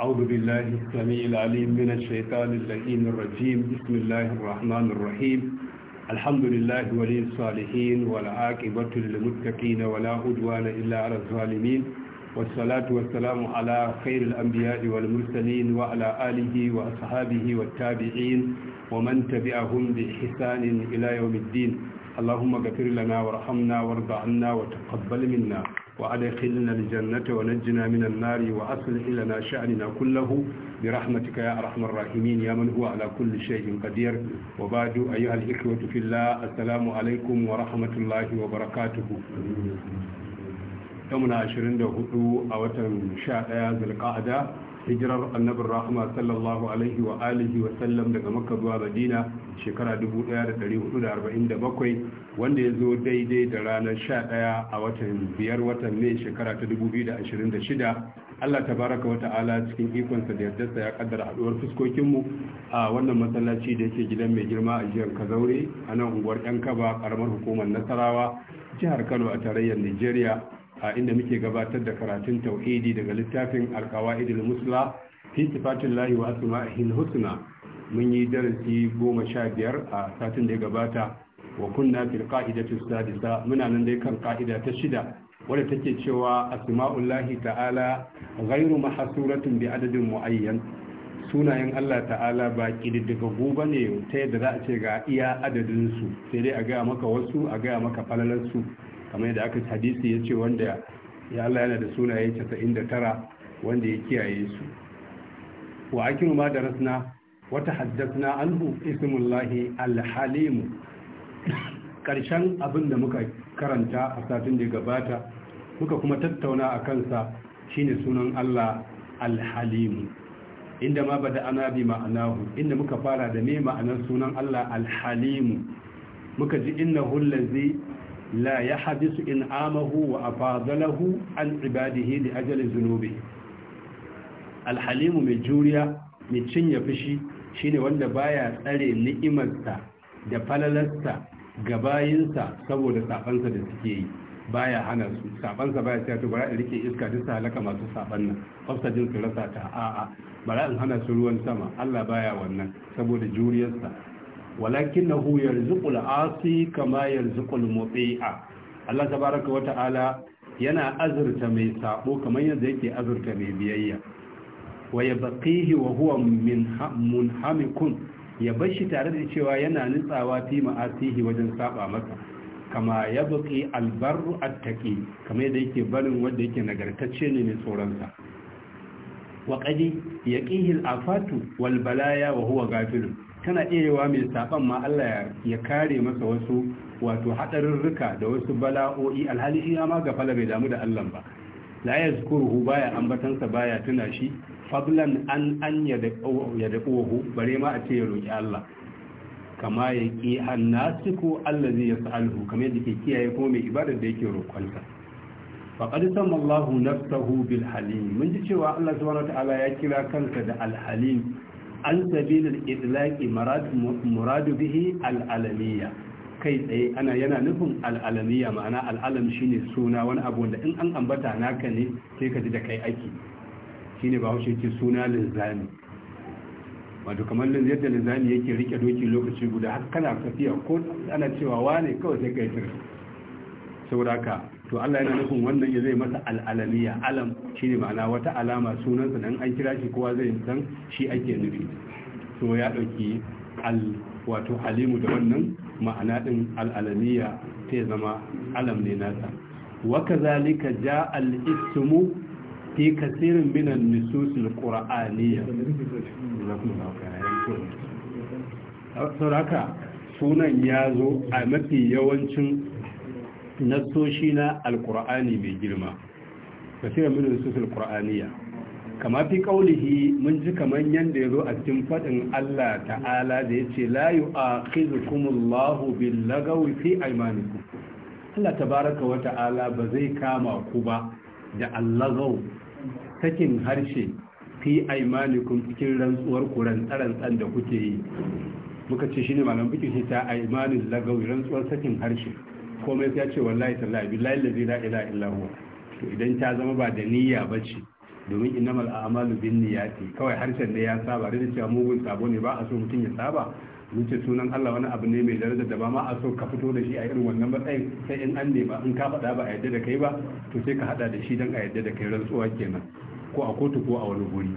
أعوذ بالله السميع العليم من الشيطان اللئيم الرجيم بسم الله الرحمن الرحيم الحمد لله ولي الصالحين والعاقبة للمتقين ولا عدوان إلا على الظالمين والصلاة والسلام على خير الأنبياء والمرسلين وعلى آله وأصحابه والتابعين ومن تبعهم بإحسان إلى يوم الدين اللهم اغفر لنا وارحمنا وارض عنا وتقبل منا وأدخلنا الجنة ونجنا من النار وأصلح لنا شأننا كله برحمتك يا أرحم الراحمين يا من هو على كل شيء قدير وبعد أيها الإخوة في الله السلام عليكم ورحمة الله وبركاته يومنا 24 a watan 11 zulqa'ada hijirar annabin rahama sallallahu alaihi wa alihi wa sallam daga makka zuwa madina shekara 1447 wanda ya zo daidai da ranar 11 a watan biyar watan mai shekara ta 2026 allah ta baraka wa ta'ala cikin ikonsa da yardarsa ya kaddara haduwar fuskokinmu a wannan masallaci da yake gidan mai girma a jihar kazaure a nan unguwar yan kaba karamar hukumar nasarawa jihar kano a tarayyar nigeria a inda muke gabatar da karatun tauhidi daga littafin alqawaidul musla fi sifatillahi wa asma'ihi husna mun yi darasi goma sha biyar a satin da ya gabata wa kunna fil qa'idati sadisa muna nan dai kan qa'ida ta shida wadda take cewa asma'ullahi ta'ala ghairu mahsuratun bi adadin muayyan sunayen Allah ta'ala ba kididdigaggu ba ne ta yadda za a ce ga iya adadin su sai dai a gaya maka wasu a gaya maka su kamar yadda aka hadisi ya ce wanda ya Allah yana da sunaye 99 wanda ya kiyaye su wa akinu ma darasna wa tahaddathna anhu ismullahi alhalim karshen abin da muka karanta a satin da gabata muka kuma tattauna a kansa shine sunan Allah alhalim inda ma bada ana bi ma'anahu inda muka fara da me ma'anar sunan Allah alhalimu muka ji innahu allazi la ya hadisu in amahu wa afadalahu an ibadihi da ajalin zunubi alhalimu mai juriya mai cinye fushi shine wanda baya tsare ni'imarsa da falalarsa ga bayinsa saboda sabansa da suke yi baya hana su sabansa baya sai ta bara in rike iska duk sa masu saban nan ofsajin su rasa ta a'a bara in hana su ruwan sama Allah baya wannan saboda juriyarsa walakinahu yarzuqul asi kama yarzuqul muti'a Allah tabaraka wata'ala yana azurta mai sabo kamar yadda yake azurta mai biyayya wa yabqihi wa huwa min munhamikun ya bashi tare da cewa yana nitsawa fi ma'asihi wajen saba masa kama ya buƙi albarru attaqi kamar yadda yake barin wanda yake nagartacce ne mai tsoronsa wa qadi yaqihi alafatu wal balaya wa huwa ghafilun tana iya yawa mai saban ma Allah ya kare masa wasu wato hadarurruka da wasu bala'o'i alhali shi ma ga fala bai damu da Allah ba la yazkuruhu baya ambatansa baya tuna shi fablan an an ya da uhu bare ma a ce ya roƙi Allah kama ya ƙi annasiku Allah zai alhu kamar yadda ke kiyaye kuma mai ibadar da yake roƙonsa faƙar sama Allahu nafsuhu bil halim mun ji cewa Allah subhanahu wa ta'ala ya kira kansa da al halim an sabilin idlaki muradu bihi al'alamiya kai tsaye ana yana nufin al'alamiya ma'ana al'alam shine suna wani abu wanda in an ambata naka ne sai ka ji da kai aiki shine ba haushe ce suna linzami wato kamar yadda linzami yake rike doki lokaci guda har kana tafiya ko ana cewa wane kawai sai kai tira saboda to Allah yana nufin wannan ya zai masa al'alamiya alam ne ma'ana wata alama sunansa dan an kira shi kowa zai san shi ake nufi to ya ɗauki al wato halimu da wannan ma'ana ɗin al'alamiya ta zama alam ne nasa wa kazalika ja al-ismu fi kasirin minan nususul qur'aniyya saboda sunan ya zo a mafi yawancin nassoshi na alkur'ani mai girma kasirar min nususul qur'aniyya kama fi kaunihi mun ji yadda ya zo a cikin faɗin Allah ta'ala da ya ce yace la Allahu bin lagawi fi aimaniku Allah baraka wa ta'ala ba zai kama ku ba da allagaw sakin harshe fi aymanikum cikin rantsuwar ku rantsarantsar da kuke yi muka ce shi ne malam bikin shi ta aimanin lagawi rantsuwar sakin harshe komai sai ce wallahi tallahi billahi allazi la ilaha illa huwa to idan ta zama ba da niyya bace domin innamal a'malu bin niyyati kawai harshen ne ya saba da cewa mugun sabo ne ba a so mutum ya saba ce sunan Allah wani abu ne mai daraja da ba ma a so ka fito da shi a irin wannan matsayin sai in an ba in ka faɗa ba a yadda da kai ba to sai ka haɗa da shi don a yadda da kai rantsuwa kenan ko a kotu ko a wani guri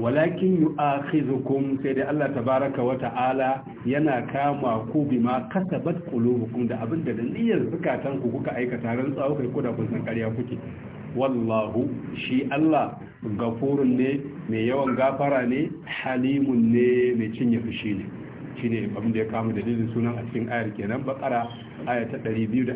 walakin yu'akhizukum sai dai Allah tabaraka wa ta'ala yana kama ku ma kasabat qulubukum da abinda da niyyar zakatan ku kuka aikata ran tsawo kai ko da kun san ƙarya kuke wallahu shi Allah gafurun ne mai yawan gafara ne halimun ne mai cinye fushi ne Shi ne abin da ya kama dalilin sunan a cikin ayar kenan bakara aya ta 225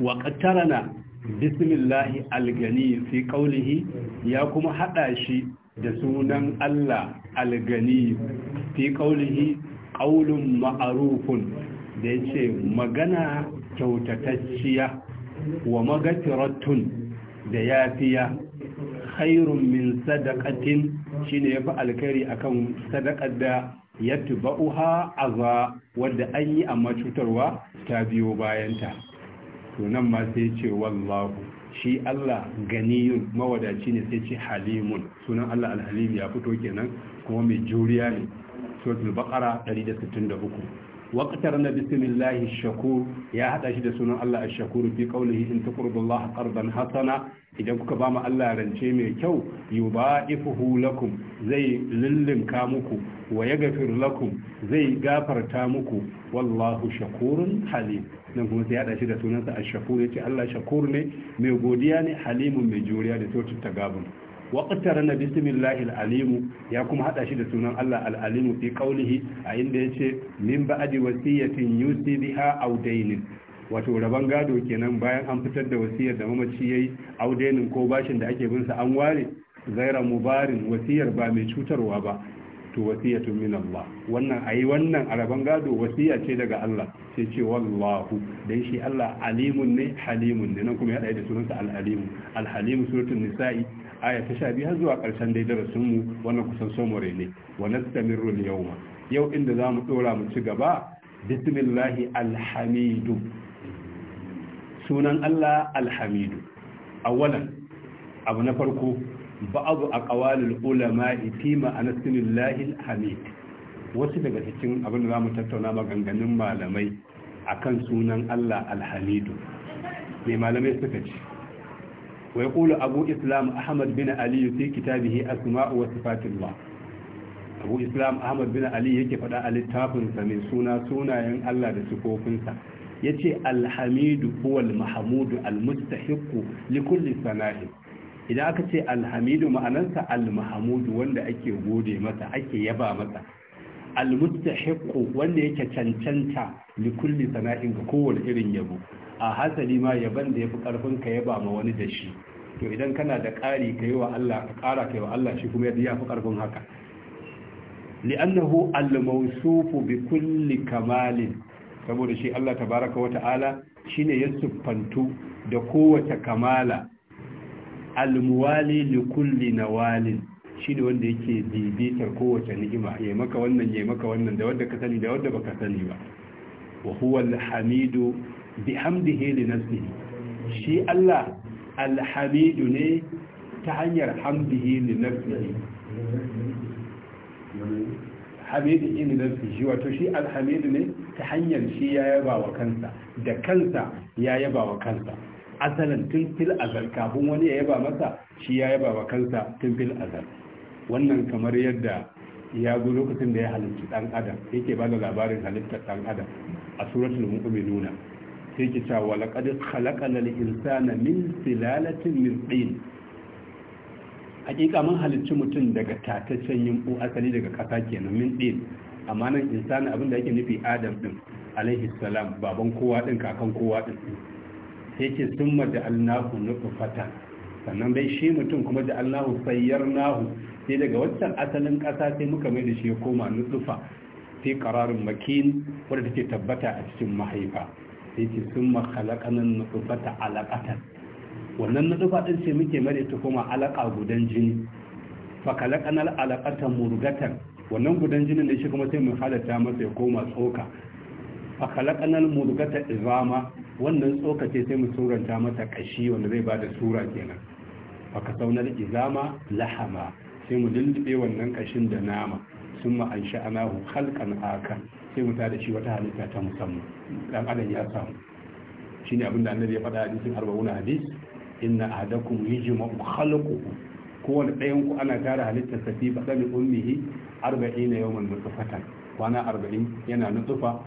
wa qattarana bismillahi algani fi qawlihi ya kuma hada shi da sunan Allah algani fi qawlihi qawlun ma'arufin da yace magana kyautatacciya wa magatiratun da yafiya khairun min sadaqatin shine yafi alkhairi akan sadaqar da yatba'uha azza wadda an yi a macutarwa ta biyo bayanta to nan ma sai ce wallahu shi Allah ganiyun mawadaci ne sai ce halimun sunan Allah alhalim ya fito kenan kuma mai juriya ne suratul baqara 163 waqtar na bismillahi shakur ya hada shi da sunan Allah ash-shakur fi qawlihi in tuqridullaha qardan hasana idan kuka ba mu Allah rance mai kyau yubaifuhu lakum zai lillinka muku wa yaghfir lakum zai gafarta muku wallahu shakurun halim nan kuma sai hada shi da sunansa ash-shakur yace Allah shakur ne mai godiya ne halimun mai juriya da sautin tagabun wa na bismillahi al-alim ya kuma hada shi da sunan Allah al-alim fi qawlihi a inda yace min ba'di wasiyatin yusi biha aw daynin wato raban gado kenan bayan an fitar da wasiyar da mamaci yayi aw daynin ko bashin da ake bin sa an ware zaira mubarin wasiyar ba mai cutarwa ba to wasiyatun min Allah wannan ayi wannan a raban gado wasiya ce daga Allah sai ce wallahu dan shi Allah alimun ne halimun ne nan kuma ya da sunansa al alim al halim suratul nisa'i aya ta sha biyu zuwa ƙarshen dai darasin mu wannan kusan somore ne wa nastamirru yawma yau inda za mu dora mu ci gaba bismillahi alhamidu sunan Allah alhamidu awalan abu na farko ba'adu aqwalul ulama fi ma'anar sunillahi alhamid wasu daga cikin abin da za mu tattauna maganganun malamai akan sunan Allah alhamidu mai malamai suka ce ويقول أبو إسلام أحمد بن علي في كتابه أسماء وصفات الله أبو إسلام أحمد بن علي يكي فدا التافن من سونا سونا ين الله دسكوفنسا يتي الحميد هو المحمود المستحق لكل سناه idan aka الحميد alhamidu المحمود almahamudu wanda غودي gode masa يبا yaba almustahiqu wanda yake cancanta li kulli sana'in kowane irin yabo a hasali ma yaban da yafi karfin ka yaba ma wani da shi to idan kana da ƙari ka yi wa Allah ka ƙara kai wa Allah shi kuma ya fi karfin haka li'annahu al-mawsufu bi kulli kamalin saboda shi Allah tabaraka wa ta'ala shine ya siffantu da kowace kamala Almuwali li kulli nawalin shi ne wanda yake bibitar kowace ni'ima ya maka wannan ya maka wannan da wanda ka sani da wanda baka sani ba wa huwa alhamidu bi hamdihi li nafsihi shi Allah alhamidu ne ta hanyar hamdihi li nafsihi hamidu li shi wato shi alhamidu ne ta hanyar shi ya yaba wa kansa da kansa ya yaba wa kansa asalin tun fil azal kafin wani ya yaba masa shi ya yaba wa kansa tun fil azal wannan kamar yadda ya zo lokacin da ya halitta dan adam yake ba da labarin halittar dan adam a suratul mu'minuna sai ki cewa laqad khalaqal insana min silalatin min tin hakika mun halicci mutum daga tataccen yimbu asali daga kasa kenan min tin amma nan insana abinda yake nufi adam din alaihi salam baban kowa din kakan kowa din sai ce summa da allahu nutfatan sannan dai shi mutum kuma da allahu sayyarnahu sai daga waccan asalin ƙasa sai muka mai da shi ya koma nutsufa fi qararin makin wadda take tabbata a cikin mahaifa sai ce sun makhalaqanan nutsufata alaqatan wannan nutsufa ɗin sai muke mai ta koma alaƙa gudan jini fa khalaqanal alaqatan murgatar wannan gudan jinin da shi kuma sai mu halatta masa ya koma tsoka fa khalaqanal murgatar izama wannan tsoka ce sai mu suranta masa kashi wanda zai bada sura kenan fa kasaunar izama lahama sai mu lullube wannan kashin da nama sun ma'an sha'anahu halkan aka sai mu tada shi wata halitta ta musamman dan adam ya samu shine abin da annabi ya faɗa cikin arba'una hadis inna ahadakum yujma'u khalquhu kowane ɗayan ku ana tara halittar sa fi badal ummihi 40 yawman nutfatan kwana arba'in yana nutfa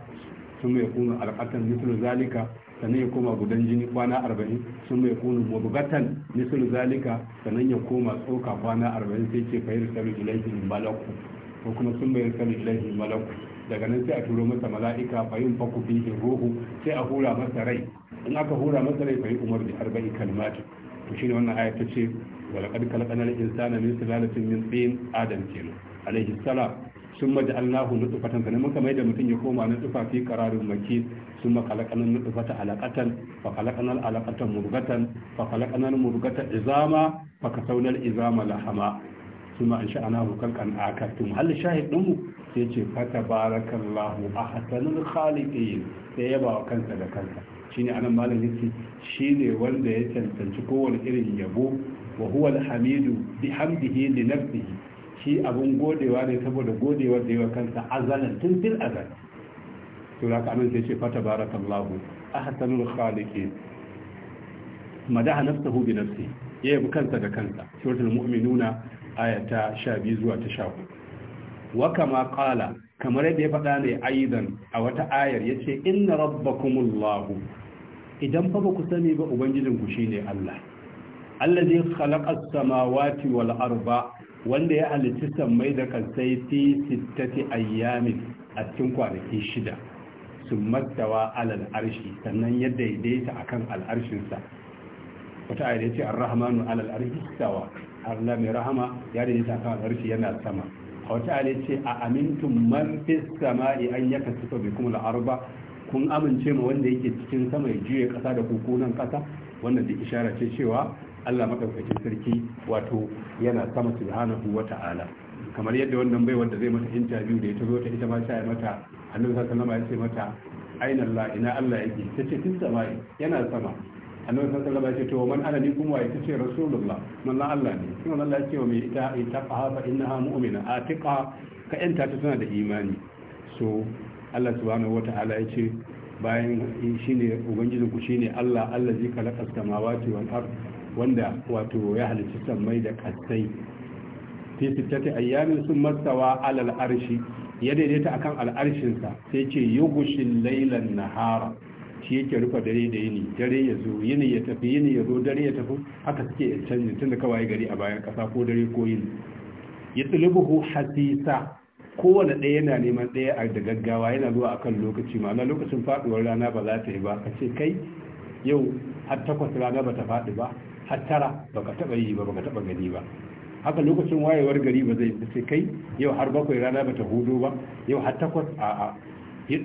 sun mai kunu alqatan mislu zalika sannan ya koma gudan jini kwana arba'in sun mai kunu mabugatan misal zalika sannan ya koma tsoka kwana arba'in sai ke fahimtar salu ilaihi malaku ko kuma sun mai salu ilaihi malaku daga nan sai a turo masa mala'ika fayin faku fihin ruhu sai a hura masa rai in aka hura masa rai fayin umar da arba'i kalmatu to shine wannan aya ta ce walaqad khalaqnal insana min sulalatin min tin adam kenan alaihi salam sun maji allahu nutfatan sannan muka mai da mutum ya koma nutfa fi qararin makin ثم خلقنا النطفة علقة فخلقنا العلقة مرغة فخلقنا المرغة عظاما فكسونا العظام لحما ثم أنشأناه خلقا آخر ثم هل شاهد نمو سيتي فتبارك الله أحسن الخالقين سيبا وكنسا لكنسا شيني أنا مالا يتي شيني ولد يتنسى كون إرن يبو وهو الحميد بحمده لنفسه shi abun godewa ne saboda godewa da yawa kansa azalan tun fil azal to da ka nan sai ce fata barakallahu ahsanul khaliqin madaha nafsuhu bi nafsi ya yabi kansa da kansa suratul mu'minuna ayata 12 zuwa ta 14 wa kama qala kamar yadda ya faɗa ne aidan a wata ayar ce, inna rabbakumullahu idan fa ba ku sani ba ubangijin ku shine Allah allazi khalaqa samawati wal arba wanda ya halitta sammai da kansai fi sittati ayyamin a cikin kwanaki shida sun mattawa alal arshi sannan ya daidaita akan al'arshinsa wata ayar ce ar alal arshi sawa Allah mai rahama ya daidaita kan al'arshi yana sama a wata ayar ce a amintun man fis sama'i an yakasifa bikum al-arba kun amince ma wanda yake cikin sama ya juye kasa da kukunan kasa wannan da isharar ce cewa Allah madaukakin sarki wato yana sama subhanahu wata'ala kamar yadda wannan bai wanda zai mata interview da ya zo ta ita ma ta mata annabi sallallahu alaihi wasallam ya ce mata aina Allah ina Allah yake ce tun sama yana sama annabi sallallahu alaihi wasallam ya ce to man ana ni kuma ya tace rasulullah man Allah ne kuma Allah ya ce wa mai ita ita fa innaha mu'mina atiqa ka yanta ta tana da imani so Allah subhanahu wata'ala ya ce bayan shi shine ubangijin ku shi ne, Allah Allah zai kalaka samawati wal ard wanda wato ya halicci sammai da kasai fi sittati ayyamin sun mastawa alal arshi ya daidaita a kan al'arshinsa sai ce gushin lailan nahara shi yake rufe dare da yini dare ya zo yini ya tafi yini ya zo dare ya tafi haka suke canjin tun da kawai gari a bayan kasa ko dare ko yini ya buhu hasisa kowane ɗaya yana neman ɗaya a da gaggawa yana zuwa akan lokaci ma'ana lokacin faɗuwar rana ba za ta yi ba a ce kai yau har takwas rana ba ta faɗi ba har tara ba ka taɓa yi ba ba ka taɓa gani ba haka lokacin wayewar gari ba zai sai kai yau har bakwai rana ba ta hudu ba yau har takwas a a ya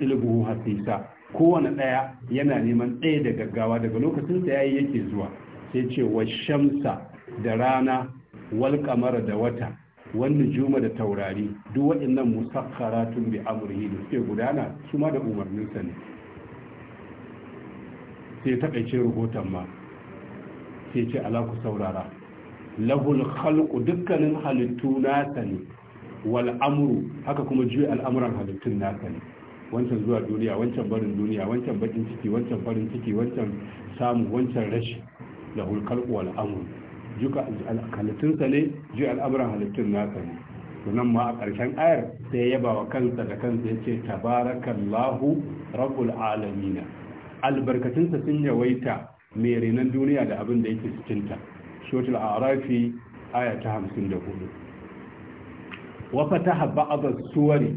sai sa. kowane ɗaya yana neman ɗaya da gaggawa daga lokacin ta yayi yake zuwa sai ce wa shamsa da rana wal kamara da wata wannan juma da taurari duk waɗannan musakkaratun bi amrihi da suke gudana su ma da umarninsa ne sai ta kaice rahoton ma sai ce ala ku saurara lahul khalqu dukkanin halittu nasa ne wal amru haka kuma juya al'amuran halittun nasa ne wancan zuwa duniya wancan barin duniya wancan bakin ciki wancan farin ciki wancan samu wancan rashi lahul khalqu wal amru halittun sa ne juya al'amuran halittun nasa ne sunan ma a ƙarshen ayar sai ya yaba wa kansa da kansa ya ce tabarakallahu rabbul alamina albarkatunsa sun yawaita mai renon duniya da abin da yake cikinta shotul arafi aya ta 54 wa fataha ba'd as-suwari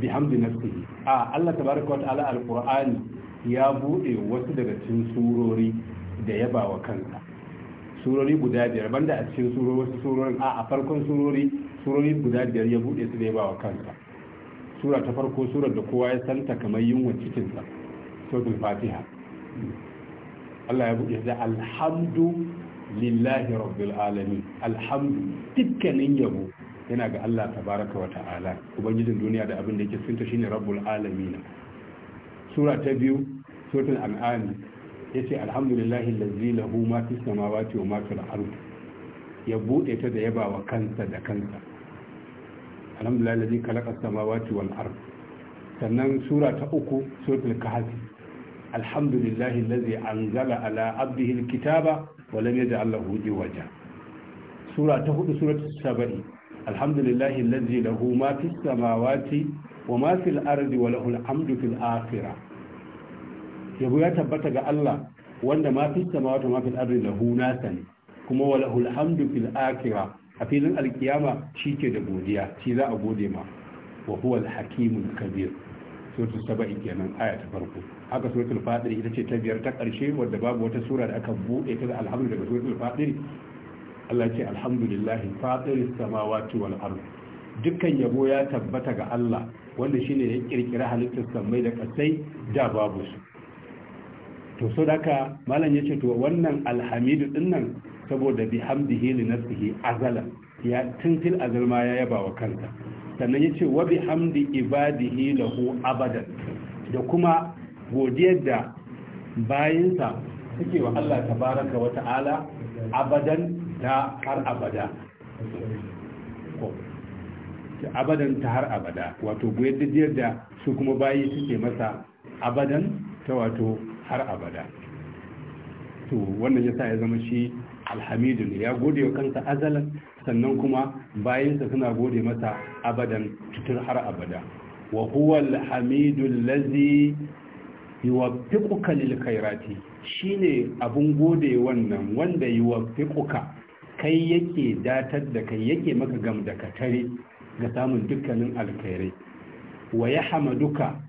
bi hamdi nafsihi a Allah tabaraka wa ta'ala al-qur'ani ya bude wasu daga cikin surori da yaba wa kansa surori guda biyar banda a cikin surori wasu surorin a farkon surori surori guda biyar ya bude su da yaba wa kansa sura ta farko surar da kowa ya santa kamar yunwa cikinsa sautul fatiha Allah ya buɗe da alhamdu lillahi rabbil alamin alhamdu dukkanin yabo yana ga Allah tabaraka wa ta'ala ubangijin duniya da abin da yake sunta shine rabbul alamin sura ta biyu suratul an'am yace alhamdulillahi allazi lahu ma fis samawati wa ma fil ardi ya bude ta da yaba wa kansa da kansa alhamdulillahi allazi khalaqa samawati wal ardi sannan sura ta uku suratul kahf alhamdulillahi allazi anzala ala abdihi alkitaba walam yaj'al lahu iwaja sura ta hudu suratul sabai alhamdulillahi allazi lahu ma fis samawati wa ma fil ardi alhamdu fil akhirah ya tabbata ga Allah wanda ma fis samawati wa ma fil ardi lahu nasa kuma wa lahu alhamdu fil a filin alkiyama shi ke da godiya shi za a gode ma wa huwa kabir suratul kenan aya ta farko haka suratul fadiri ita ce ta biyar ta karshe wadda babu wata sura da aka buɗe ta da alhamdu daga suratul fadiri. Allah ce alhamdulillahi fatiris samawati wal ard dukkan yabo ya tabbata ga Allah wanda shine ya kirkira halittar samai da kasai da babu su to so daka malam yace to wannan alhamidu dinnan saboda bihamdihi li nafsihi azala ya tuntil azal ya yaba wa kansa sannan yace wa bihamdi ibadihi lahu abadan da kuma godiyar da bayinsa suke wa Allah tabaraka wa ta'ala abadan ta har abada abadan ta har abada wato godiyar da su kuma bayi suke masa abadan ta wato har abada to wannan ya sa ya zama shi alhamidu ne ya gode wa kansa azalan sannan kuma bayansa suna gode masa abadan tutur har abada wa huwa alhamidu lazi yuwaffiquka lil shi shine abun gode wannan wanda yuwaffiquka kai yake datar da kai yake maka gam da katare ga samun dukkanin alkhairai wa yahmaduka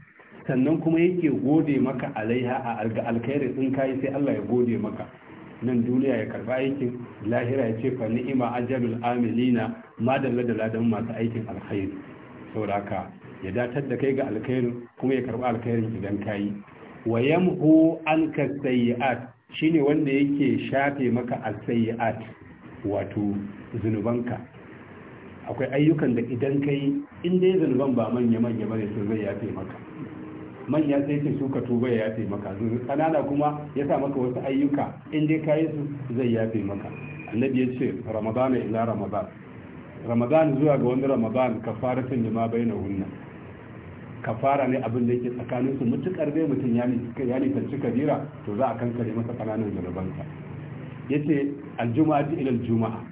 sannan kuma yake gode maka alaiha a alkhairin in kai sai Allah ya gode maka nan duniya ya karba aikin lahira ya ce fa ni'ima ajrul amilina madalla da ladan masu aikin alkhairi saboda haka ya datar da kai ga alkhairin kuma ya karba alkhairin idan kayi wa yamhu anka sayyi'at shine wanda yake shafe maka as-sayyi'at wato zunubanka akwai ayyukan da idan kai in dai zunuban ba manya manya bane sun zai yafe maka manya sai ce su tuba ya yafe maka kanana kuma ya sa maka wasu ayyuka in dai kayi su zai yafe maka annabi ya ce ramadana ila ramadan ramadan zuwa ga wani ramadan kafaratun lima bainahunna kafara ne abin da yake tsakanin su mutukar dai mutum ya ne cika kabira to za a kankare masa kananan zunubansa yace aljuma'a ila aljuma'a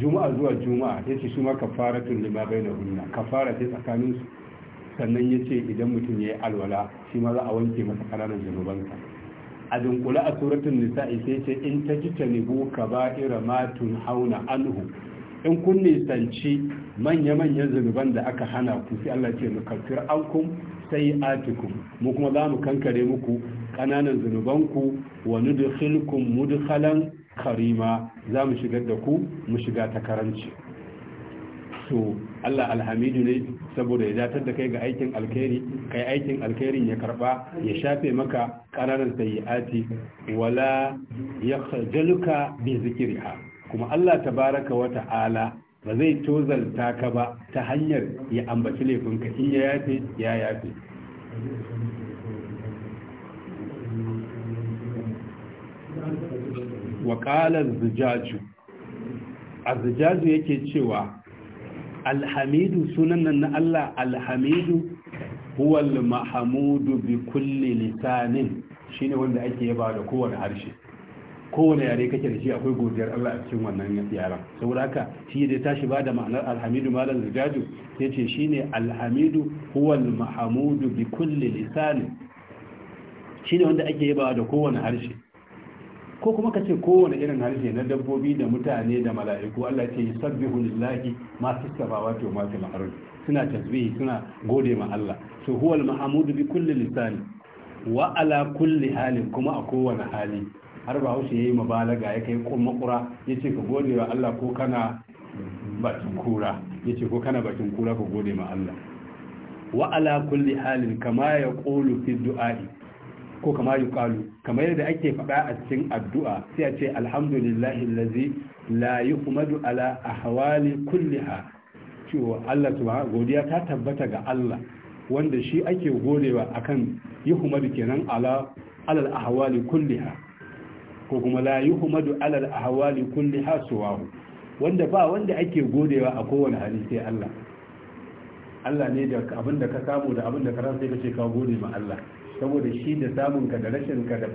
juma'a zuwa juma'a yace shi ma kafaratun lima hunna kafara ce tsakanin su sannan yace idan mutum yayi alwala shi ma za a wanke masa kananan zunubansa a dunkula a suratun nisa'i sai ce in ta tajtanibu kaba'ira matun hauna anhu in kun nisanci manya-manyan zunuban da aka hana ku sai Allah ce mu kafir ankum sai atikum mu kuma za mu kankare muku ƙananan ku wa nudkhilkum mudkhalan karima za mu shigar da ku mu shiga ta karanci to Allah alhamidu ne saboda ya datar da kai ga aikin alkhairi kai aikin alkhairin ya karba ya shafe maka ƙananan sayyati wala yakhjaluka bi zikriha kuma Allah ta baraka wa ta'ala ba zai tozalta ka ba ta hanyar ya ambaci laifinka in ya yafe ya yafe waƙalar zujaju a zujaju yake cewa alhamidu sunan nan na Allah alhamidu huwal mahamudu bi kulli lisanin shine wanda ake yaba da kowane harshe kowane yare kake da shi akwai godiyar Allah a cikin wannan yaran saboda haka shi da tashi ba da ma'anar alhamidu malam zujaju ya ce shi ne alhamidu huwal mahamudu bi kulli lisani shi ne wanda ake yaba da kowane harshe ko kuma ka ce kowane irin harshe na dabbobi da mutane da mala'iku Allah ce yi sabbihu lillahi ma fi samawati wa ma fil suna tasbihi suna gode ma Allah so huwal mahamudu bi kulli lisani wa ala kulli halin kuma a kowane hali har ba haushe ya yi mabalaga ya kai kuma kura ya ce ka gode wa Allah ko kana bakin kura ya ce ko kana bakin kura ka gode ma Allah wa ala kulli halin kama ya ƙolu fi du'a'i ko kama yi kalu kamar yadda ake faɗa a cikin addu'a sai a ce alhamdulillahi lazi la yi umadu ala a hawali kulliha cewa Allah subhanahu godiya ta tabbata ga Allah wanda shi ake godewa akan yi umadu kenan ala alal ahwali kulliha ko kuma la yuhmadu alal ahwali kulli hasuwahu wanda ba wanda ake godewa a kowane hali sai Allah Allah ne da abin da ka samu da abin da ka rasa sai ka ce ka gode ma Allah saboda shi da samun ka da rashin ka da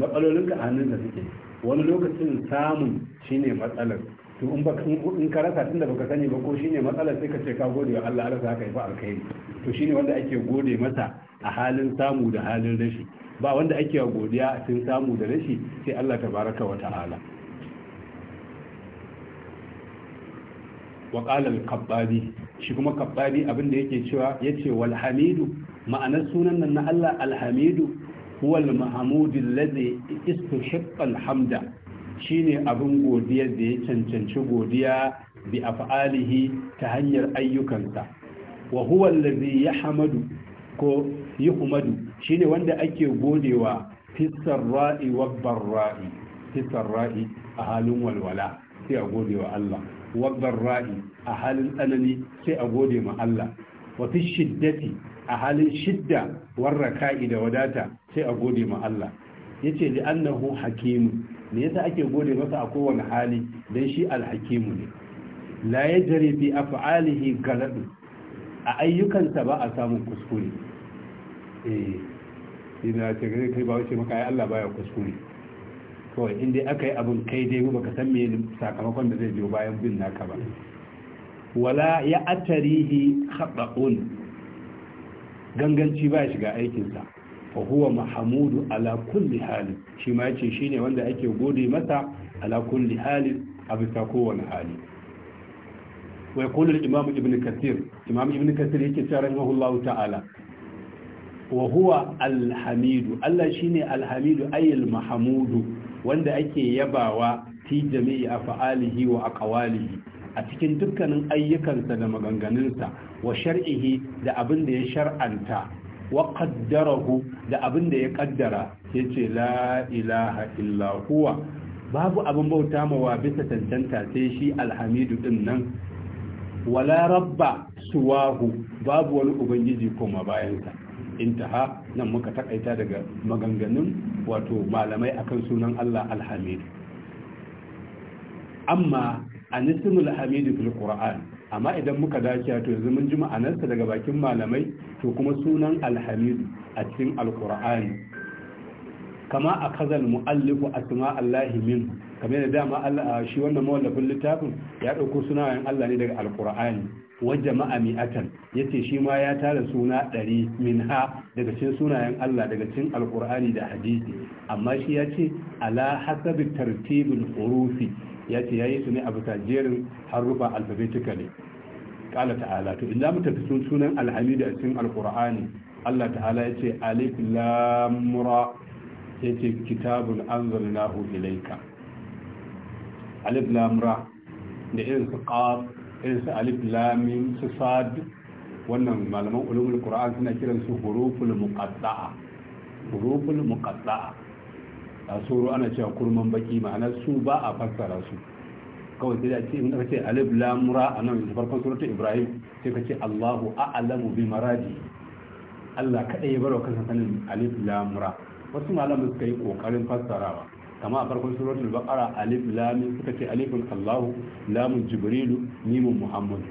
matsalolinka a da suke wani lokacin samun shine matsalar to in baka in ka rasa tunda baka sani ba ko shine matsalar sai ka ce ka gode wa Allah Allah zaka yi fa alkhairi to shine wanda ake gode masa a halin samu da halin rashi ba wanda ake wa godiya a samu da rashi sai Allah tabaraka wa ta'ala wa qala al-qabbadi shi kuma qabbadi abin da yake cewa yace wal hamidu ma'anar sunan nan na Allah al-hamidu huwa al-mahmud alladhi al-hamda shine abin godiya da ya cancanci godiya bi af'alihi ta hanyar ayyukansa wa huwa allazi yahmadu ko yuhmadu shine wanda ake godewa fisar ra'i wa barra'i fisar ra'i a halin walwala sai a godewa Allah wa barra'i a halin tsanani sai a gode ma Allah wa fi shiddati a halin shidda warraka'i da wadata sai a gode ma Allah yace li annahu hakimu me yasa ake gode masa a kowane hali dan shi alhakimu ne la yajri bi af'alihi galadu a ayyukansa ba a samun kuskure eh ina ce gare kai ba wuce maka ai Allah baya kuskure kawai in dai aka yi abin kai dai baka san me sakamakon da zai biyo bayan bin naka ba wala ya atarihi khata'un ganganci ba shiga aikinsa fa huwa mahmudu ala kulli hali shi ma yace shine wanda ake gode masa ala kulli hali a bisa kowane hali wa yaqulu al-imam ibn kathir imam ibn kathir yake cewa rahimahullahu ta'ala wa huwa al-hamidu Allah shine al-hamidu ayyul Mahamudu wanda ake yabawa ti jami'i af'alihi wa aqwalihi a cikin dukkanin ayyukansa da maganganunsa wa shar'ihi da abin da ya shar'anta wa qaddarahu da abin da ya kaddara yace la ilaha illa huwa babu abin bauta ma wa bisa tantanta sai shi alhamidu din nan wala rabba suwahu babu wani ubangiji koma bayansa intaha nan muka takaita daga maganganun wato malamai akan sunan Allah alhamidu amma a ismul hamidu fil qur'an amma idan muka dace to yanzu mun ji ma'anarsa daga bakin malamai to kuma sunan alhamid a cikin alkur'ani kama a kazal mu'allifu asma allahi min kamar da dama shi wannan mawallafin littafin ya ɗauko sunayen allah ne daga alkur'ani wajen jama'a mi'atan ya ce shi ma ya tara suna ɗari min ha daga cikin sunayen allah daga cikin alkur'ani da hadisi amma shi yace ce ala hasabi tartibin urufi ya ce ya yi su ne a bisa jerin harufa alfabetically qala ta'ala to idan mu tafi sun sunan alhamid a cikin alkur'ani Allah ta'ala ya ce alif lam ra ya ce kitabun anzalnahu ilayka alif lamura da irin su qaf irin su alif lam mim su sad wannan malaman ulumul qur'an suna kiran su huruful muqatta'a huruful muqatta'a a tsoro ana cewa kurman baki ma'ana su ba a fassara su kawai sai da ce in aka ce alif ra a nan farkon suratul ibrahim sai ka ce allahu a'lamu bi maradi allah kadai ya barwa kansa sanin alif ra wasu malamin suka yi kokarin fassarawa kama a farkon suratul baqara alif lam suka ce alifun allahu lamun jibrilu mimun muhammad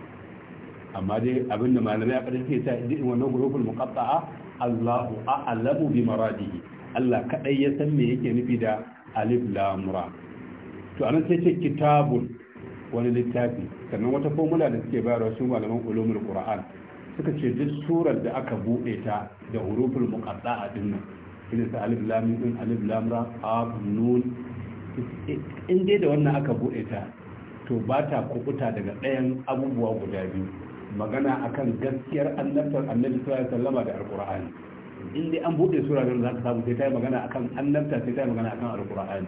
amma dai abinda malamai a ƙarshe sai ta yi wannan gurubul muqatta'a allahu a'lamu bi maradihi Allah kaɗai ya san me yake nufi da alif lamura to anan sai ce kitabun wani littafi sannan wata fomula da suke bayarwa su malaman ulumul qur'an suka ce duk surar da aka buɗe ta da huruful muqatta'a din nan irin sa alif lam alif lam ra nun in dai da wannan aka buɗe ta to ba ta kubuta daga ɗayan abubuwa guda biyu magana akan gaskiyar annabtar annabi sallallahu alaihi wasallam da alqur'ani in dai an buɗe sura nan za ka samu sai ta yi magana a kan annabta sai ta yi magana a akan alkur'ani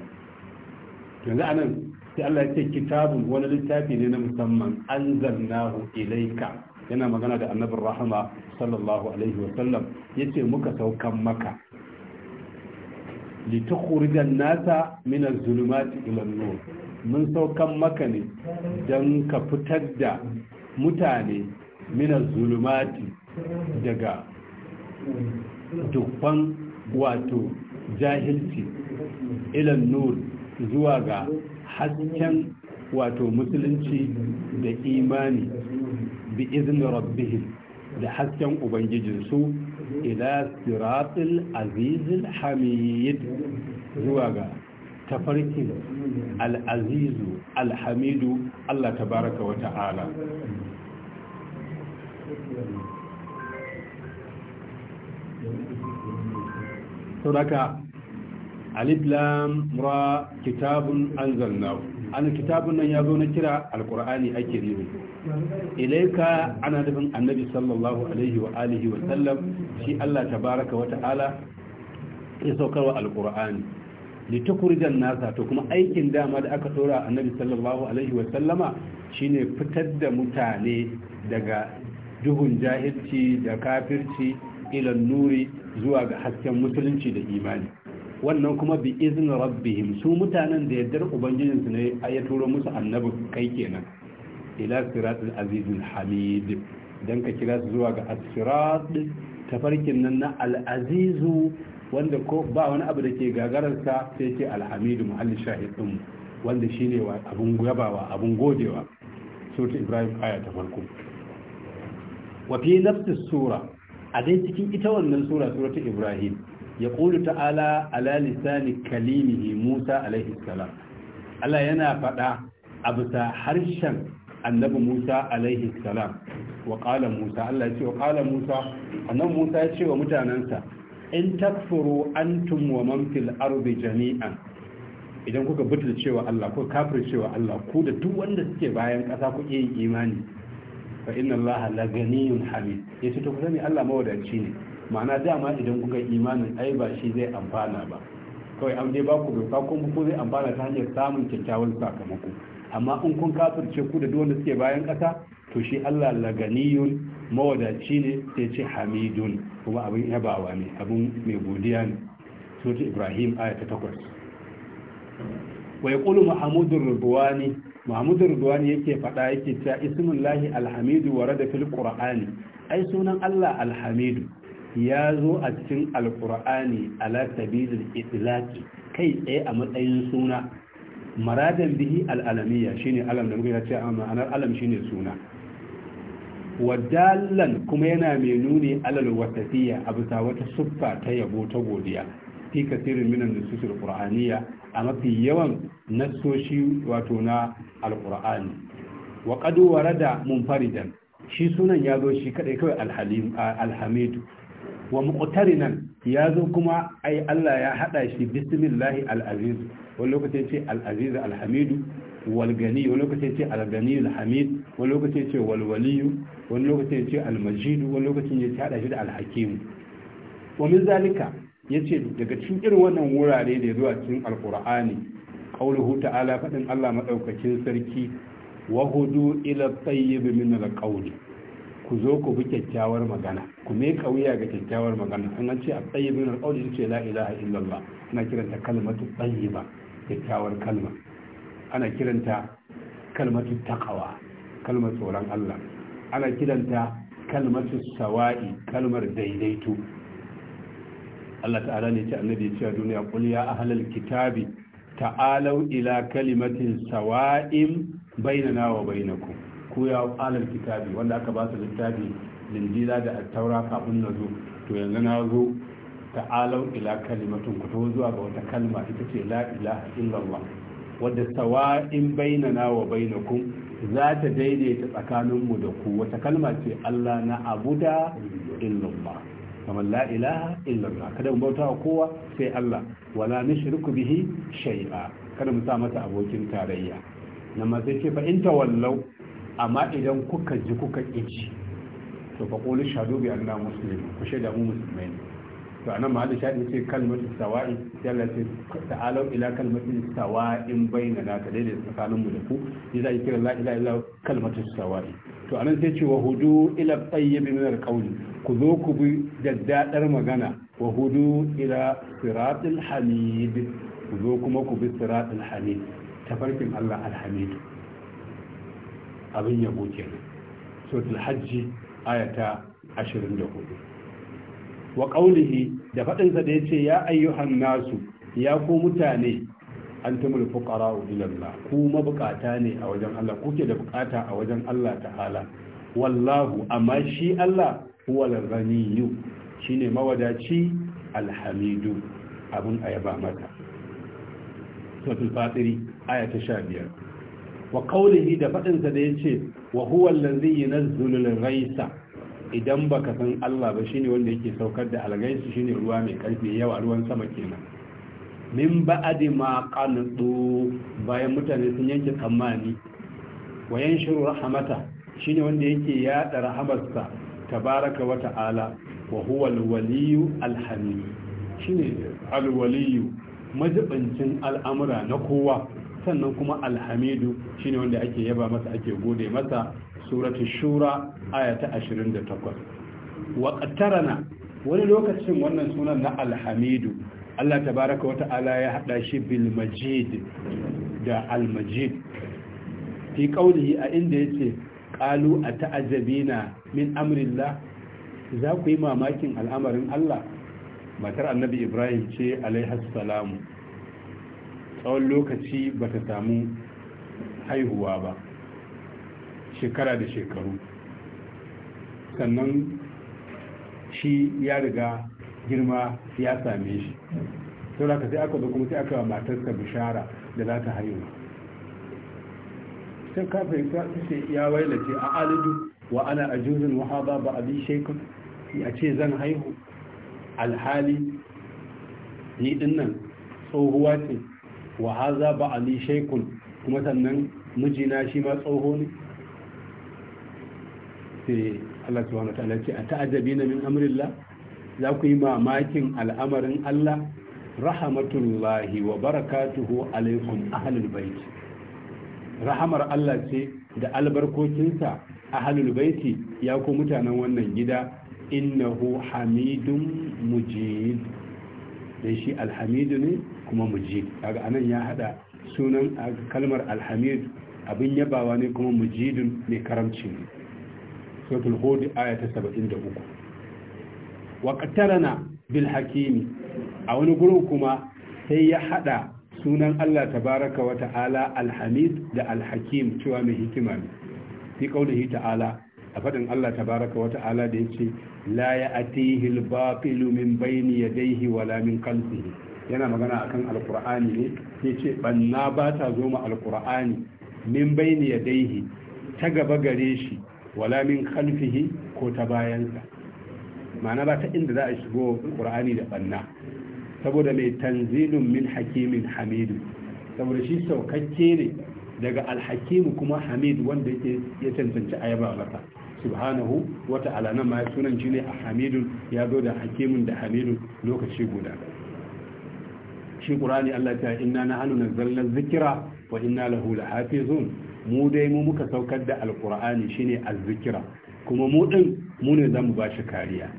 yanzu a nan sai Allah ya ce kitabun wani littafi ne na musamman an anzalnahu ilaika yana magana da annabin rahama sallallahu alaihi wa sallam Ya ce muka saukan maka litukhrijan nasa min az-zulumati ila an-nur mun saukan maka ne dan ka fitar da mutane min az-zulumati daga dukkan wato jahilci ilan nur zuwa ga hasken wato musulunci da imani bi izin rabbihim da hasken ubangijinsu ila siratul azizul hamid zuwa ga tafarkin al'azizu alhamidu Allah tabaraka wata ala. sauraka alif lam ra kitabun anzalnahu an kitabun nan ya zo na kira alqur'ani ake nufi ilaika ana nufin annabi sallallahu alaihi wa alihi wa sallam shi Allah tabaraka wa ta'ala ya saukarwa alqur'ani litukurjan nasa to kuma aikin dama da aka tsora annabi sallallahu alaihi wa sallama shine fitar da mutane daga duhun jahilci da kafirci ila nuri zuwa ga hasken musulunci da imani wannan kuma bi izin rabbihim su mutanen da yaddar ubangijinsu ne ya turo musu annabi kai kenan ila siratul azizul hamid dan ka kira su zuwa ga as-sirat tafarkin nan na al-azizu wanda ko ba wani abu da ke gagararsa sai ce Alhamidu muhalli muhalli shahidin wanda shine abun gabawa abun godewa sura ibrahim aya ta farko wa fi nafsi sura a dai cikin ita wannan sura suratul ibrahim ya ƙulu ta'ala ala lisani kalimihi musa alaihi salam Allah yana faɗa a bisa harshen annabi musa alaihi salam wa ƙala musa Allah ya ce wa ƙala musa annabi musa ya ce wa mutanensa in takfuru antum wa man fil ardi jami'an idan kuka cewa Allah ko cewa Allah ku da duk wanda suke bayan ƙasa ku iya yin imani fa inna Allah la ganiyun hamid ce to sani Allah mawadaci ne ma'ana dama idan kuka imanin ai ba shi zai amfana ba kawai an dai ba ku doka kun ku zai amfana ta hanyar samun kyakkyawan sakamako amma in kun kafirce ku da dole suke bayan ƙasa to shi Allah laganiyun mawadaci ne sai ce hamidun kuma abin yabawa ne abin mai godiya ne surat ibrahim ayata ta 8 wa yaqulu mahamudur rubwani mahmud ridwan yake faɗa yake cewa lahi alhamidu rada fil qur'ani ai sunan Allah alhamidu ya zo a cikin alqur'ani ala sabilil itlaqi kai tsaye a matsayin suna maradan bihi al'alamiya shine alam da muka ce a ah, ma'anar alam shine suna wadallan kuma yana mai nuni alal Wasafiya, a bisa wata siffa ta yabo ta godiya fi kasirin minan nususul qur'aniyya a mafi yawan nassoshi wato na alqur'ani wa qad warada munfaridan shi sunan ya zo shi kadai kawai alhalim alhamidu wa muqtarinan ya zo kuma ai Allah ya hada shi bismillahi alaziz wani lokacin ce alaziz alhamidu walgani wani lokacin ce algani alhamid wani lokacin ce walwaliyu wani lokacin ce almajidu wani lokacin ya hada shi da alhakimu wa min zalika ya ce daga cikin irin wannan wurare da zuwa cikin alkur'ani ƙaunuhu ta'ala faɗin allah maɗaukakin sarki wahudu ila tsayyib min ƙauni, ku zo ku bi kyakkyawar magana ku me kauya ga kyakkyawar magana an an ce a tsayyib min alƙauli ce la ilaha illallah ana kiranta kalmatu tsayyiba kyakkyawar kalma ana kiranta kalmatu taqwa kalmar tsoron allah ana kiranta kalmatu sawa'i kalmar daidaito Allah ta'ala ne ce annabi ya ce a duniya qul ya ahlal kitabi ta'alu ila kalimatin sawa'in bainana wa bainakum ku ya ahlal kitabi wanda aka ba su littafi linjila da attaura kafin na zo to yanzu na zo ta'alau ila kalimatin ku to zuwa ga wata kalma ita ce la ilaha illallah wadda sawa'in bainana wa bainakum za ta daidaita tsakaninmu da ku wata kalma ce Allah na abuda illallah kamar la illallah kada mu bauta kowa sai Allah wala nushriku bihi shai'a kada mu sa mata abokin tarayya nan ma sai ce fa in tawallau amma idan kuka ji kuka kici to fa qulu shahadu bi anna muslim ku shaida mu musulmai to anan ma hadin shadi ce kalmatu sawa'i sai Allah ce ta'alu ila kalmatu sawa'in bainana ka daidai tsakanin mu da ku shi zai kira la ilaha illa kalmatu sawa'i to anan sai ce wa hudu ila tayyibin min alqawli ku zo ku bi daddadar magana wa hudu ila siratil hamid ku zo kuma ku bi siratil hamid tafarkin Allah alhamid abin yabo kenan suratul hajji ayata 24 wa da fadin sa da yace ya ayyuhan nasu ya ku mutane antumul fuqara ila Allah ku mabukata ne a wajen Allah kuke da bukata a wajen Allah ta'ala wallahu amma shi Allah huwal ghaniyyu shine mawadaci alhamidu abun ayaba mata suratul fatiri aya ta 15 wa qawlihi da fadin sa da yace wa huwal ladhi idan ba ka san Allah ba shine wanda yake saukar da algaisu shine ruwa mai karfi yawa ruwan sama kenan min ba'adi ma qanatu bayan mutane sun yanke tsammani wayan shiru rahmata shine wanda yake yada rahamarsa tabaraka wa ta'ala wa huwa al-waliyyu al-hamid shine al-waliyyu majibancin al'amura na kowa sannan kuma alhamidu shine wanda ake yaba masa ake gode masa suratu shura aya ta 28 wa qattarana wani lokacin wannan sunan na alhamidu Allah tabaraka wa ta'ala ya hada shi bil majid da al majid fi qawlihi a inda yace qalu na min amrillah za ku yi mamakin al'amarin Allah matar annabi Ibrahim ce alaihi tsawon lokaci bata samu haihuwa ba shekara da shekaru sannan shi ya riga girma ya same shi sau da sai aka zo kuma sai aka wa matarsa bishara da za ta haihu sai kafin ta ce ya wailace a alidu wa ana ajuzin wahaba ba abi shekun ya ce zan haihu alhali ni dinnan tsohuwa ce wahaza ba ali shekun kuma sannan mijina shi ma tsoho ne sai Allah subhanahu wataala ce a ta'ajabina min amrillah za ku yi mamakin al'amarin Allah rahmatullahi wa barakatuhu alaikum ahlul baiti. rahamar Allah ce da albarkokinsa ahlul baiti ya ku mutanen wannan gida innahu hamidun mujid dan shi alhamidu ne kuma mujid kaga anan ya hada sunan kalmar alhamid abin yabawa ne kuma mujidun mai karamci suratul hud aya ta uku. wa qattarana bil hakimi a wani gurin kuma sai ya haɗa sunan Allah tabaraka wa ta'ala alhamid da alhakim cewa mai hikima ne fi qaulihi ta'ala a faɗin Allah tabaraka wa ta'ala da yace la ya'tihi al-baqilu min bayni yadayhi wala min khalfihi yana magana akan alqur'ani ne ce banna ba ta zo ma alqur'ani min bayni yadayhi ta gaba gare shi wala min khalfihi ko ta bayansa ma'ana ba ta inda za a shigo qur'ani da banna saboda mai tanzilun min hakimin hamidu saboda shi saukakke ne daga alhakimu kuma hamid wanda yake ya tantance ayaba masa subhanahu wa ta'ala nan ma sunan shi ne a hamidun ya zo da hakimin da hamidun lokaci guda shi ƙur'ani Allah ta inna nahnu nazzalna zikira wa inna lahu lahafizun mu dai mu muka saukar da alkur'ani shine azzikira kuma mu din mu ne zamu ba shi kariya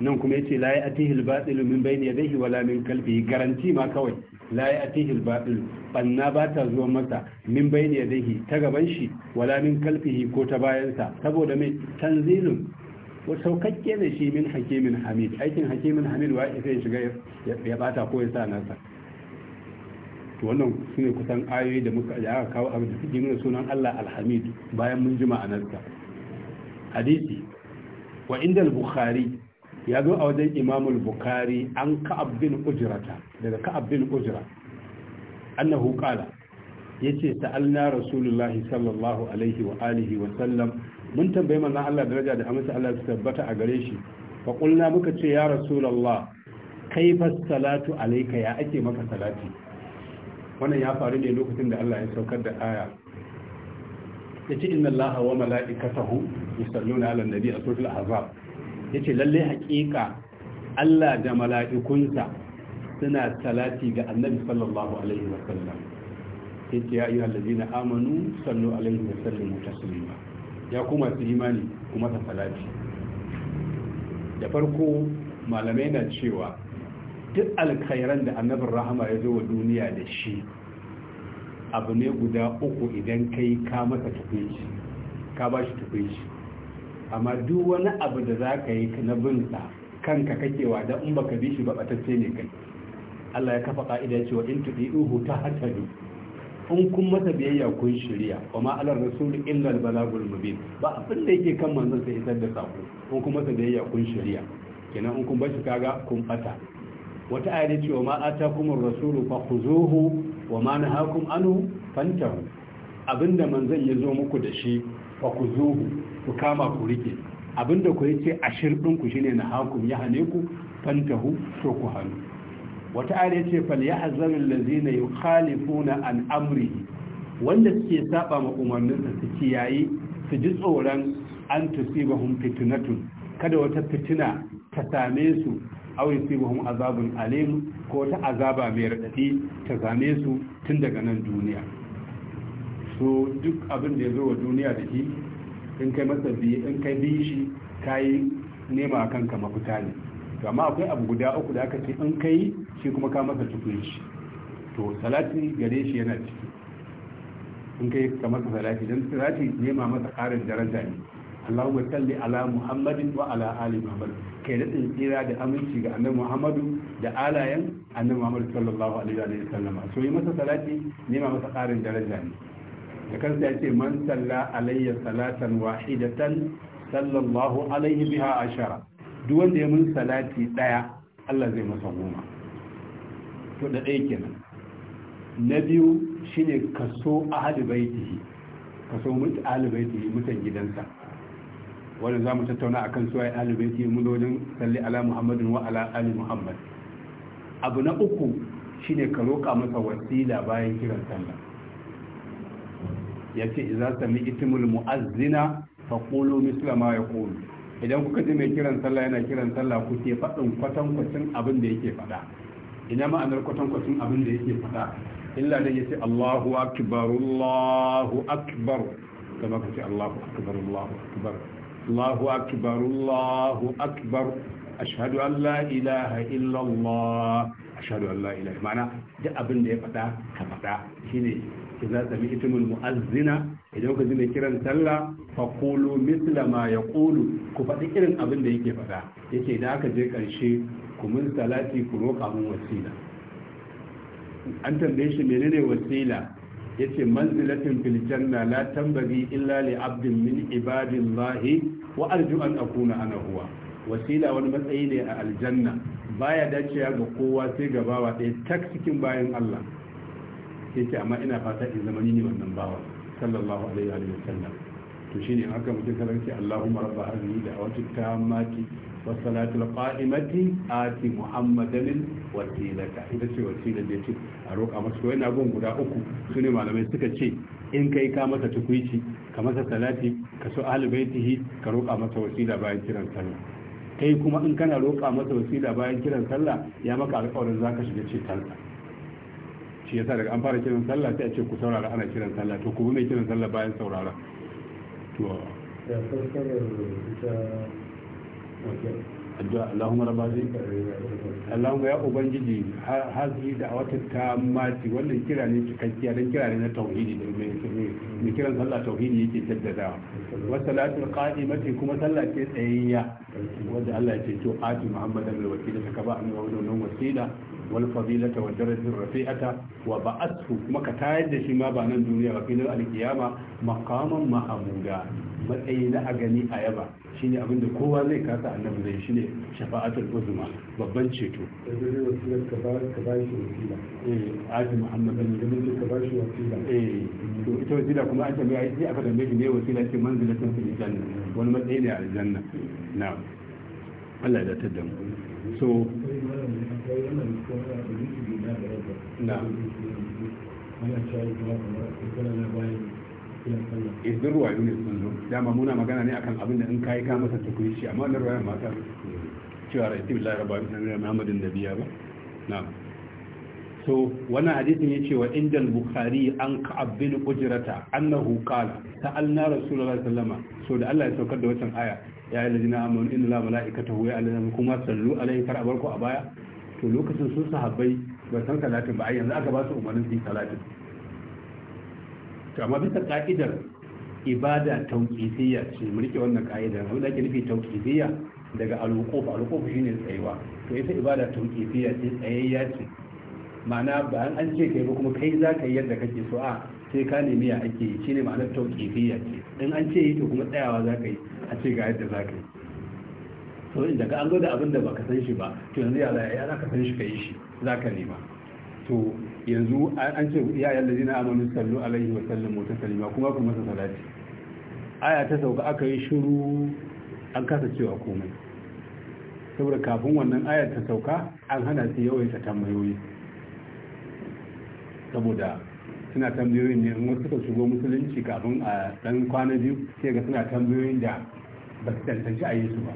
nan kuma yace la ya'tihi al-batil min bayni yadayhi wala min kalbihi garanti ma kawai la ya'tihi al-batil banna ba ta zuwa masa min bayni yadayhi ta gaban shi wala min kalbihi ko ta bayan sa saboda mai tanzilun wa saukakke ne shi min hakimin hamid aikin hakimin hamid wa ya shiga ya bata ko ya sa nasa to wannan su ne kusan ayoyi da muka da aka kawo abin da suke nuna sunan Allah alhamid bayan mun ji ma'anarsa hadisi wa inda al-bukhari ya zo a wajen imam al-bukhari an ka'ab bin ujrata daga ka'ab bin ujra annahu qala yace ta'alna rasulullahi sallallahu alaihi wa alihi wa sallam mun tambaye manzon Allah daraja da amsa Allah su tabbata a gare shi fa qulna muka ce ya rasulullah kaifa salatu alayka ya ake maka salati wannan ya faru ne lokacin da Allah ya saukar da aya yace inna allaha wa mala'ikatahu yusalluna 'alan nabi a suratul ahzab yace lalle haƙiƙa Allah da mala'ikunsa suna salati ga annabi sallallahu alaihi wa sallam yace ya ayyuhal ladina amanu sallu alaihi wa sallimu taslima ya kuma su imani kuma ta salati da farko malamai na cewa duk alkhairan da annabin rahama ya zo wa duniya da shi abu ne guda uku idan kai ka masa tafi ka ba shi tafi amma duk wani abu da za ka yi na binsa kanka wa da in baka bi shi ba batacce ne kai Allah ya kafa ka'ida cewa in tudi uhu ta hatari in kun masa biyayya kun shirya wa ma alar rasul illa al balagul mubin ba abin da yake kan manzon sai isar da sako in kun masa biyayya kun shirya kenan in kun bashi kaga kun bata wata ayar ce wa ma atakumur rasulu fakhuzuhu wa ma nahakum anhu fantahu abinda manzon ya zo muku da shi fakhuzuhu ku kama ku rike abinda ku yace ashirdin ku shine nahakum ya hane ku fantahu to ku hanu wata ayar ce fal yahzarul allazina yukhalifuna an amrihi wanda suke saba ma umarninsa su kiyaye su ji tsoron an tusibahum fitnatun kada wata fitina ta same su aw yusibuhum azabun alim ko ta azaba mai radadi ta zame su tun daga nan duniya so duk abin da ya zo wa duniya da shi in kai masa bi in kai bi shi kai nema kanka mafita ne to amma akwai abu guda uku da aka ce in kai shi kuma ka masa tukunci to salati gare shi yana ciki in kai ka masa salati dan salati nema masa karin daraja ne Allahumma salli ala Muhammadin wa ala ali Muhammad kai daɗin tsira da aminci ga annabi Muhammadu da alayen annabi Muhammadu sallallahu alaihi wa sallam so yi masa salati nema masa ƙarin daraja ne da kansa ya ce man salla alayya salatan wahidatan sallallahu alaihi biha ashara duk wanda ya mun salati daya Allah zai masa goma to da ɗaya kenan na biyu shine kaso ahli baitihi kaso mutu mutan gidansa wanda za mu tattauna a kan akan suwaye alibaiti mu zo wajen salli ala muhammadin wa ala ali muhammad abu na uku shi ne ka roƙa masa wasila bayan kiran sallah ya ce za iza sami itimul mu'azzina fa qulu misla ma ya yaqulu idan kuka ji mai kiran sallah yana kiran sallah ku ke faɗin kwatankwacin abin da yake faɗa ina ma'anar kwatankwacin abin da yake faɗa illa ya ce Allahu akbar Allahu akbar kama ka ce Allahu akbar Allahu akbar الله أكبر الله أكبر أشهد أن لا إله إلا الله أشهد أن لا إله معنى جاء أبن دي فتا كفتا شيني إذا سمعتم المؤذن إذا كنت من كيران سلا فقولوا مثل ما يقول كفتا إرن أبن دي كفتا يكي داك جيك الشيء كمن سلاتي كروك أبن وسيلة أنت بيش منين وسيلة yace manzilatin fil janna la tambaghi illa li abdin min ibadillahi wa arju an akuna ana huwa wasila wani matsayi ne a aljanna baya dacewa ga kowa sai ga bawa ɗaya tak cikin bayan Allah yace amma ina fata in zama ni ne wannan bawa sallallahu alaihi wa sallam to shine haka mutum kalanci Allahumma rabba hadhihi da'awati tammati والصلاة القائمة آتي محمدا وسيلة إذا شيء وسيلة دي شيء أروك أما شوي نقوم بدا أكو سنة ما لم يستكت شيء إن كي كامة تكويشي كامة ثلاثي كسؤال بيته كروك أما وسيلة باين kiran sallah kai kuma in kana roƙa masa wasila bayan kiran sallah ya maka alƙawarin za ka shiga ce talta shi yasa daga an fara kiran sallah sai a ce ku saurara ana kiran sallah to ku bi mai kiran sallah bayan saurara to addu'a Allahumma rabba Allahumma ya ubangiji hazi da wata ta mati wannan kira ne cikakkiya dan kira ne na tauhidi da mai tauhid mai kiran sallah tauhidi yake jaddadawa wa salatul qa'imati kuma sallah ce tsayayya wanda Allah ya ce to ati muhammadan al wasila ka ba annabi wannan wasila wal fadilata wal darajatir rafi'ata wa ba'athu kuma ka tayar da shi ma ba nan duniya ba filin alkiyama maqaman mahmuda matsayi na a gani a yaba shine abin da kowa zai kasa annabi zai shine shafa'atul uzma babban ceto ka ba shi wasila eh ati muhammadan ka ba shi wasila eh to ita wasila kuma aka mai sai aka tambaye shi ne wasila ce manzilatin fil janna wani matsayi ne a janna na Allah ya tada mu so na idan ruwa ne sun zo dama muna magana ne akan abin da in kayi ka masa tukuri shi amma wannan ruwa ma ta cewa rasul Allah rabbi Muhammadin nabiya ba na'am to wannan hadisin ce wa inda bukhari an ka'ab bin ujrata annahu qala sa'alna rasulullahi sallama so da Allah ya saukar da wannan aya ya ayyuhallazina amanu inna allaha malaikatahu ya'lamu kuma sallu alaihi kar abarku a baya to lokacin sun sahabbai ba san salatin ba yanzu aka ba su umarnin su salatin to amma bisa ka'idar ibada tauqifiyya ce mu rike wannan ka'idar abin da ake nufi tauqifiyya daga al-wuquf al-wuquf shine tsayuwa to ita ibada tauqifiyya ce tsayayya ce ma'ana ba an ce kai ba kuma kai za ka yi yadda kake so a sai ka nemi ya ake yi shine ma'anar tauqifiyya ce in an ce yi to kuma tsayawa za ka yi a ce ga yadda za ka yi so inda ka an zo da abin da ba ka san shi ba to yanzu ya ya za ka san shi ka yi shi za ka nema to yanzu an ce ya yalla zina amanu sallu alaihi wa sallimu taslima kuma kuma masa salati aya ta sauka aka yi shiru an kasa cewa komai saboda kafin wannan ayar ta sauka an hana su yawaita tambayoyi saboda suna tambayoyin ne wasu suka shigo musulunci kafin a dan kwana biyu sai ga suna tambayoyin da ba su tantance a yi su ba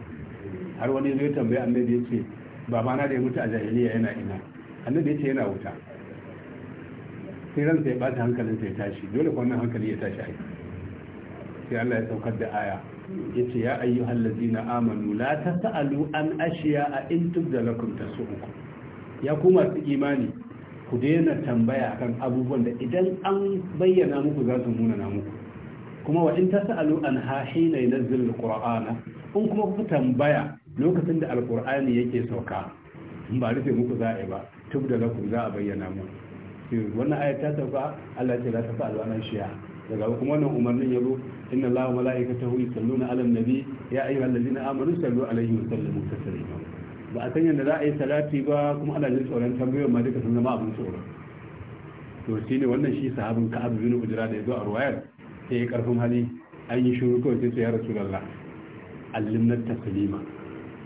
har wani zai tambaya annabi ya ce ma na da ya mutu a jahiliya yana ina annabi ya ce yana wuta sai ransa ya bata hankalin sai tashi dole kwanan hankali ya tashi ai sai Allah ya saukar da aya yace ya ayyuhal ladina amanu la tasalu an ashiya in tubda lakum tasu'ukum ya kuma su imani ku daina tambaya akan abubuwan da idan an bayyana muku za su munana muku kuma wa in tasalu an ha hina yunzil alqur'ana in kuma ku tambaya lokacin da alqur'ani yake sauka in ba rufe muku za a ba tubda lakum za a bayyana muku wannan ayat ta sauka Allah ce za ta fa alwana shiya daga kuma wannan umarnin ya inna Allah wa mala'ikatahu yusalluna 'alan nabi ya ayyuhallazina amanu sallu alaihi wa sallimu taslima ba a san yadda za a yi salati ba kuma ana jin tsoron tambayoyin ma duka sun zama abin tsoro to shi ne wannan shi sahabin ka abu bin ujira da ya zo a ruwayar sai ya karfin hali an yi shuru kawai sai ya rasu lalla allimna taslima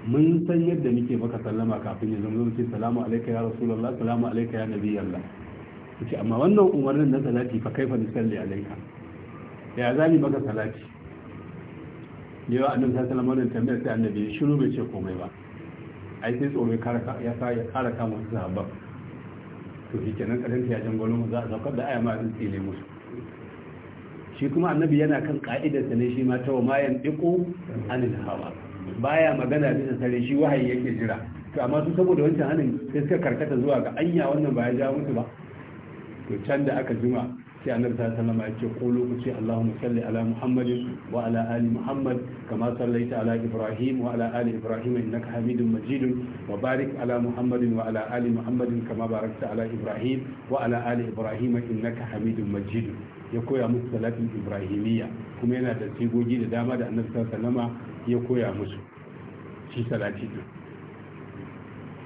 mun san yadda muke maka sallama kafin ya zama ce salamu alaika ya rasu lalla salamu alaika ya nabi allah ce amma wannan umarnin na salati fa kaifa nusalli alaika ya zani maka salati yawa annabi sallallahu alaihi wasallam wannan tambayar sai annabi shiru bai ce komai ba ai sai tsoro ya sa ya kara kama su sahabban to shi kenan karin ya gwanon za a saukar da aya ma sun tsile musu shi kuma annabi yana kan ka'idar sa ne shi ma ta wa mayan diko anil hawa baya magana bisa sare shi wahayi yake jira to amma su saboda wancan hanin sai suka karkata zuwa ga anya wannan ba ya ja musu ba to can da aka juma sai annabi ta sallama ya ce ko lokaci Allahumma salli ala Muhammadin wa ala ali Muhammad kama sallaita ala Ibrahim wa ala ali Ibrahim innaka Hamidum Majid wa barik ala Muhammadin wa ala ali Muhammadin kama barakta ala Ibrahim wa ala ali Ibrahim innaka Hamidum Majid ya koya musu salatin Ibrahimiyya kuma yana da sigogi da dama da annabi ta sallama ya koya musu shi salati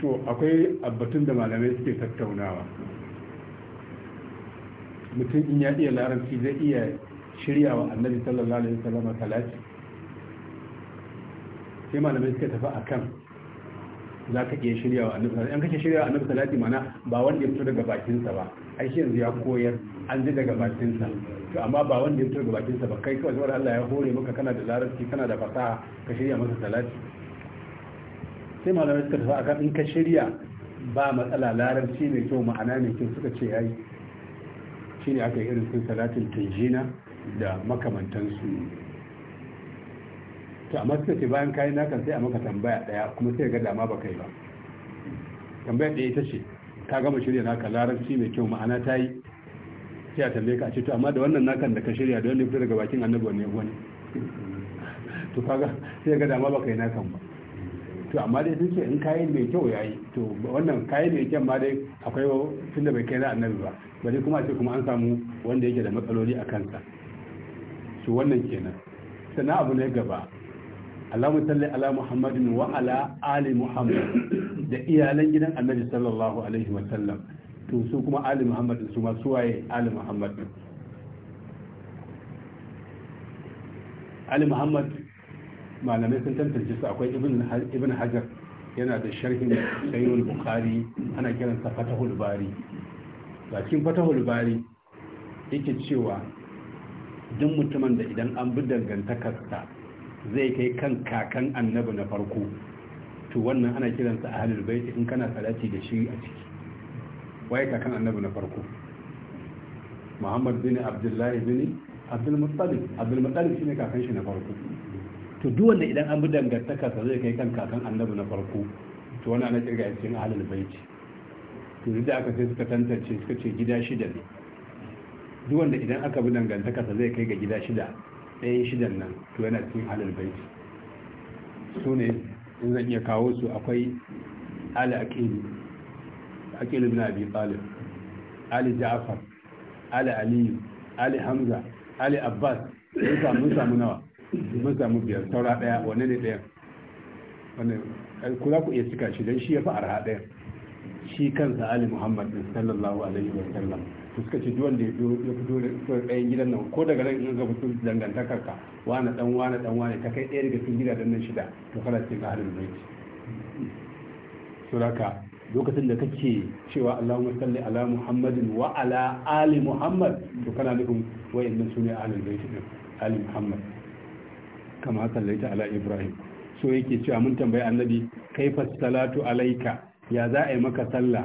to akwai abbatun da malamai suke tattaunawa mutum in ya iya larabci zai iya shirya wa annabi sallallahu alaihi wasallam salati sai malamai suka tafi akan za ka iya shirya wa annabi sallallahu an wasallam shirya wa annabi salati mana ba wanda ya fito daga bakinsa ba ai shi yanzu ya koyar an ji daga bakinsa to amma ba wanda ya fito daga bakinsa ba kai kawai saboda Allah ya hore maka kana da larabci kana da fasaha ka shirya masa salati sai malamai suka tafi akan in ka shirya ba matsala larabci mai kyau ma'ana mai kyau suka ce yayi shine aka irin sun salatin tunjina da makamantansu to amma suka ce bayan kayan naka sai a maka tambaya daya kuma sai ga dama ba kai ba tambaya daya ita ce ka gama shirya naka larabci mai kyau ma'ana ta yi sai a tambaye ka a ce to amma da wannan nakan da ka shirya da ne fito daga bakin annabi ne wani to kaga sai ga dama ba kai nakan ba to amma dai sun ce in kayan mai kyau ya yi to wannan kayan mai kyau ma dai akwai tun da bai kai na annabi ba bari kuma ce kuma an samu wanda yake da matsaloli a kansa su wannan kenan sannan abu na gaba Allahumma salli ala Muhammadin wa ala ali Muhammad da iyalan gidan Annabi sallallahu alaihi wa sallam to su kuma ali Muhammadin su ma suwaye ali Muhammad ali Muhammad malamai sun tantance su akwai ibn hajar yana da sharhin sayyid bukhari ana kiransa fatahul bari ga cikin fatahul bari yake cewa duk mutumin da idan an bi dangantakarsa zai kai kan kakan annabi na farko to wannan ana kiransa ahlul bait in kana salati da shi a ciki waye kakan annabi na farko muhammad bin abdullahi bin abdul muttalib abdul muttalib shine kakan shi na farko to duk wanda idan an bi dangantaka sa zai kai kan kakan annabi na farko to wani ana kirga a cikin ahlul baiti to duk da aka sai suka tantance suka ce gida shida ne duk wanda idan aka bi dangantaka sa zai kai ga gida shida ɗayan shidan nan to yana cikin ahlul baiti su ne in zan iya kawo su akwai ali aqili aqili ibn abi talib ali ja'far ali aliyu ali hamza ali abbas mun samu nawa mun samu biyar saura ɗaya wanne ne ɗaya ku kula ku iya cika shi don shi ya fi arha daya shi kansa ali muhammad din sallallahu alaihi wa sallam su suka ce duwanda ya fito da ɗayan gidan nan ko daga nan in ga mutum dangantakar ka wani dan wani dan wani ta kai ɗaya daga cikin gidan nan shida to kana cikin ahlul bait suraka lokacin da kake cewa Allahumma salli ala Muhammadin wa ala ali Muhammad to kana nufin wayannan sune ahlul bait din ali Muhammad kama sallaita ala ibrahim so yake cewa mun tambayi annabi kaifa salatu alaika ya za a yi maka sallah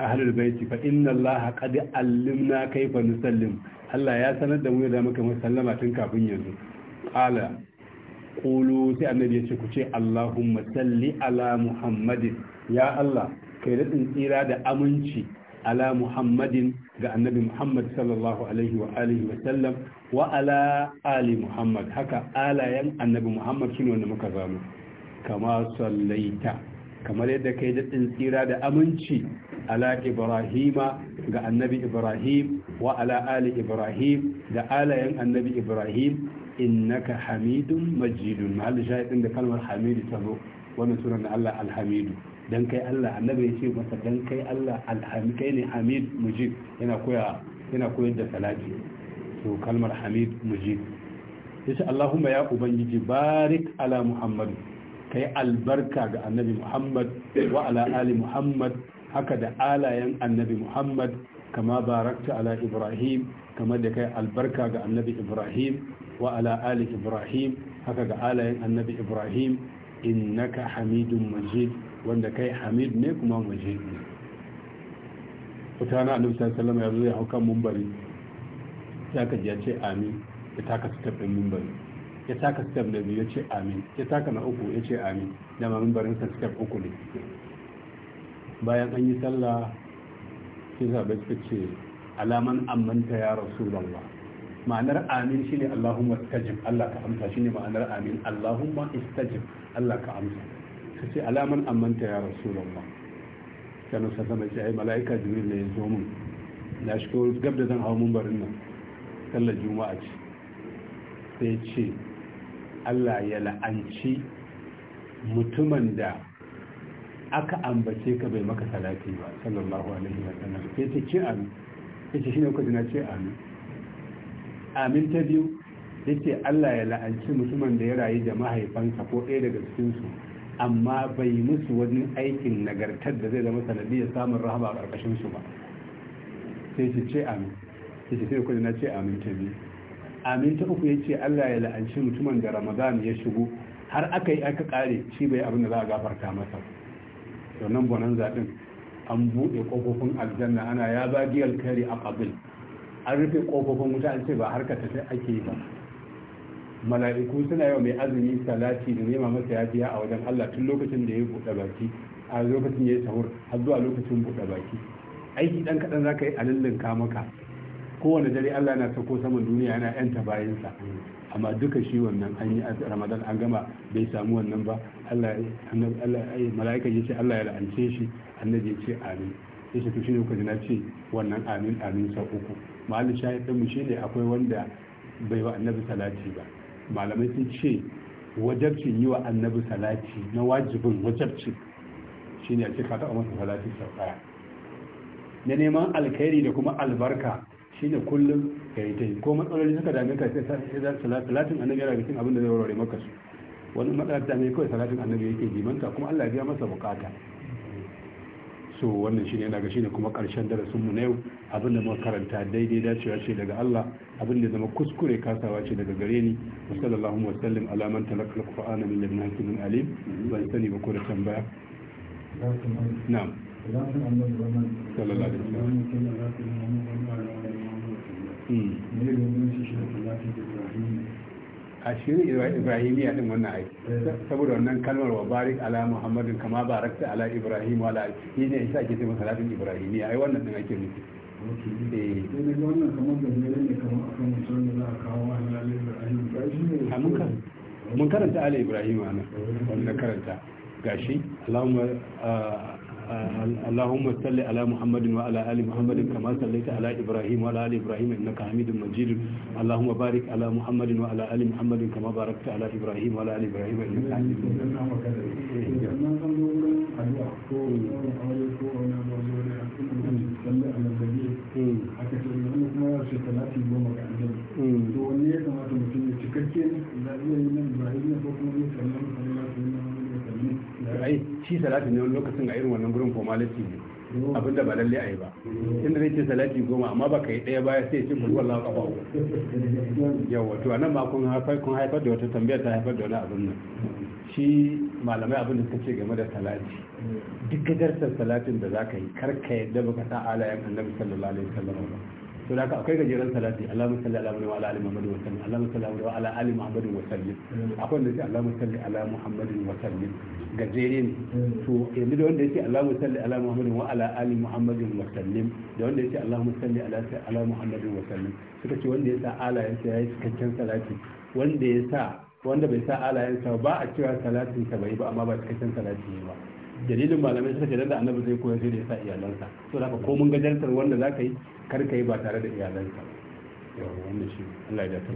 ahlul baiti fa inna allaha qad allimna kaifa nusallim Allah ya sanar da mu da muka sallama tun kafin yanzu qala qulu sai annabi ya ce ku ce allahumma salli ala muhammadin ya Allah kai da tsira da aminci ala muhammadin ga annabi muhammad sallallahu alaihi wa alihi wa sallam wa ala ali muhammad haka alayen annabi muhammad shine wanda muka zamu kama sallaita kamar yadda kai daɗin tsira da aminci ala ibrahima ga annabi ibrahim wa ala ali ibrahim da alayen annabi ibrahim innaka hamidun majidun mahal shahidin da kalmar hamidu ta zo wannan sunan Allah alhamidu dan kai Allah annabi ya ce masa dan kai Allah alhamid kai ne hamid mujib yana koya yana koyar da salati to kalmar hamid mujib yace Allahumma ya ubangiji barik ala muhammad kai albarka ga annabi muhammad wa ala ali muhammad haka da alayen annabi muhammad kama barakta ala ibrahim kamar da kai albarka ga annabi ibrahim wa ala ali ibrahim haka ga alayen annabi ibrahim innaka hamidun majid wanda kai hamid ne kuma majid ne wata na annabi sallallahu ya zo ya hau kan mumbari ya kaji ya ce amin ya taka step din mumbari ya taka step na biyu ya ce amin ya taka na uku ya ce amin da ma mumbarin sa step uku ne bayan an yi sallah sai sahabbai suka ce alaman amanta ya rasulullah ma'anar amin shine allahumma istajib Allah ka amsa shine ma'anar amin allahumma istajib Allah ka amsa ka ce alaman amanta ya rasu da rasulullah sa sama ce ai mala'ika jibril ne ya zo mun na kawai gab da zan hau mun barin nan sallar juma'a ce sai ce Allah ya la'anci mutumin da aka ambace ka bai maka salati ba sallallahu alaihi wa sallam sai ce ki amin yace shine kuka jina ce amin amin ta biyu ce Allah ya la'anci mutumin da ya rayu da mahaifansa ko ɗaya daga cikin su amma bai musu wani aikin nagartar da zai zama sanadiyar samun rahama a ƙarƙashin su ba sai shi ce amin sai ce sai na ce amin ta biyu amin ta uku ya ce allah ya la'anci mutumin da ramadan ya shigo har aka yi aka kare shi bai abin da za a gafarta masa nan bonan zaɗin an buɗe ƙofofin aljanna ana ya giyar kari a ƙabil an rufe ƙofofin wuta an ce ba harkar ta ake yi ba mala'iku suna yau mai azumi salati da nema masa yafiya a wajen Allah tun lokacin da ya buɗe baki a lokacin ya sahur har zuwa lokacin buɗe baki aiki dan kaɗan za ka yi a lullunka maka kowane dare Allah na sako saman duniya yana yanta bayansa amma duka shi wannan an yi ramadan an gama bai samu wannan ba mala'ika ya ce Allah ya la'ance shi annabi ya ce amin ya ce to shi ne kuka ce wannan amin amin sau uku ma'alin shahid mu shine akwai wanda bai wa annabi salati ba malamai sun ce wajabcin yi wa annabi salati na wajibin wajabcin shi ne a ce ka masa salati sau ɗaya na neman alkhairi da kuma albarka shi ne kullum ya yi ta yi ko matsaloli suka dame ka sai salatin annabi yana bikin abin da zai warware maka su wani matsalar ta kawai salatin annabi yake jimanta kuma allah ya biya masa bukata so wannan shine yana ga shine kuma karshen darasinmu na yau abinda muka karanta daidai dacewa ce daga Allah abinda zama kuskure kasawa ce daga gare ni wa sallallahu wa sallam ala man talaka al-qur'ana min ladun hakimin alim ban sani ba ko da tambaya na'am sallallahu alaihi wasallam hmm. a shirin ibrahimiya din wannan ai saboda wannan kalmar wa barik ala muhammadin kama barakta ala ibrahim wa ala shi ne yasa ake cewa salatin ibrahimiya ai wannan din ake nufi mun karanta ala ibrahim ana wanda karanta gashi allahumma ah, اللهم صل على محمد وعلى ال محمد كما صليت على ابراهيم وعلى ال ابراهيم انك حميد مجيد اللهم بارك على محمد وعلى ال محمد كما باركت على ابراهيم وعلى ال ابراهيم انك حميد مجيد ai shi salati ne wani lokacin a irin wannan gurin formality ne abinda ba lalle a yi ba inda zai ce salati goma amma ba ka yi ɗaya baya sai ce kulwar lawa ƙafa uku yawa to anan ma kun haifar kun haifar da wata tambayar ta haifar da wani abin nan shi malamai abin da suka ce game da salati duk gajartar salatin da za ka yi karka yadda baka sa alayen annabi sallallahu alaihi wasallam ba to da akwai gajeren salati Allahumma salli ala Muhammad wa ala ali Muhammad wa sallim Allahumma salli ala ala ali Muhammad wa sallim akwai wanda yake Allahumma salli ala Muhammad wa sallim gajere to yanzu da wanda yake Allahumma salli ala Muhammad wa ala ali Muhammad wa sallim da wanda yake Allahumma salli ala ala Muhammad wa sallim suka ce wanda ya sa alayensa yayi cikakken salati wanda ya sa wanda bai sa alayensa ba a cewa salatin sa bai ba amma ba cikakken salati ne ba dalilin malamai suka ce da annabi zai koyar sai da yasa iyalansa so da ko mun gajartar wanda za ka yi kar ka yi ba tare da iyalansa yawa wannan shi Allah ya dace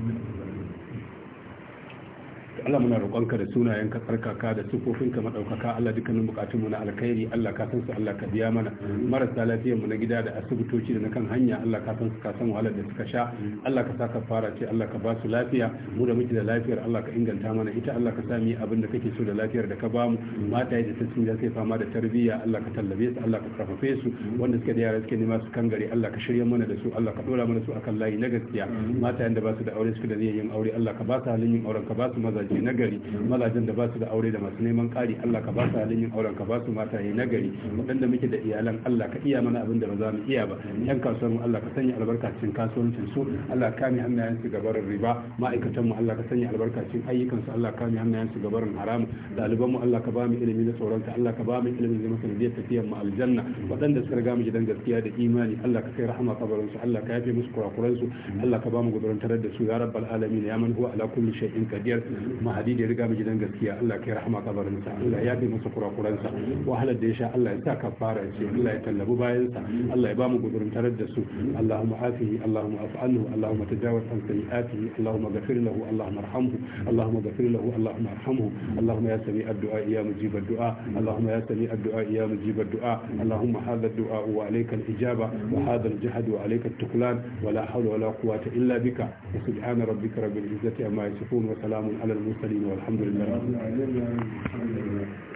Allah muna roƙonka da sunayen ka tsarkaka da sufofin ka madaukaka Allah dukkanin bukatun mu na alkhairi Allah ka san su Allah ka biya mana marasa lafiyar mu na gida da asibitoci da na kan hanya Allah ka san su ka san wahalar da suka sha Allah ka saka fara ce Allah ka ba su lafiya mu da muke da lafiyar Allah ka inganta mana ita Allah ka sa mu abin da kake so da lafiyar da ka ba mu mata da sun da suke fama da tarbiyya Allah ka tallabe su Allah ka karfafe su wanda suke da yara suke nema su kan gari Allah ka shirya mana da su Allah ka dora mana su akan layi na gaskiya mata da ba su da aure suke da niyyar yin aure Allah ka ba su halin yin auren ka ba su mazaje mazaje na gari mazajen da ba su da aure da masu neman ƙari Allah ka ba su halin yin auren ka ba su mataye na gari waɗanda muke da iyalan Allah ka iya mana abin da ba za mu iya ba yan kasuwar mu Allah ka sanya albarkacin kasuwancin su Allah ka mi hannayen su gabarin riba ma'aikatan mu Allah ka sanya albarkacin ayyukan su Allah ka mi hannayen su gabarin haram ɗaliban mu Allah ka ba mu ilimi na tsoron ka Allah ka ba mu ilimin na sanadiyar tafiyar mu aljanna waɗanda suka riga mu gidan gaskiya da imani Allah ka kai rahama kabarin su Allah ka yafe musu kurakuran su Allah ka ba mu gudurin tarar da su ya rabbal alamin ya man huwa ala kulli shay'in qadir kuma da ya riga mu gidan gaskiya Allah kai rahama kabarin sa Allah ya bi masa kurakuran sa wahalar da ya sha Allah ya sa kafara ya ce Allah ya tallabu bayan sa Allah ya ba gudurin tarar da su Allahumma afihi Allahumma af'alhu Allahumma tajawaz an sayyi'atihi Allahumma ghafir lahu Allahumma arhamhu Allahumma ghafir lahu Allahumma arhamhu Allahumma ya sami addu'a ya mujib addu'a Allahumma ya sami addu'a ya mujib addu'a Allahumma hadha addu'a wa alayka al-ijaba wa hadha al-jahd wa alayka at-tuklan wa la hawla wa la quwwata illa bika subhana rabbika rabbil izzati amma yasifun wa salamun ala المرسلين والحمد لله رب العالمين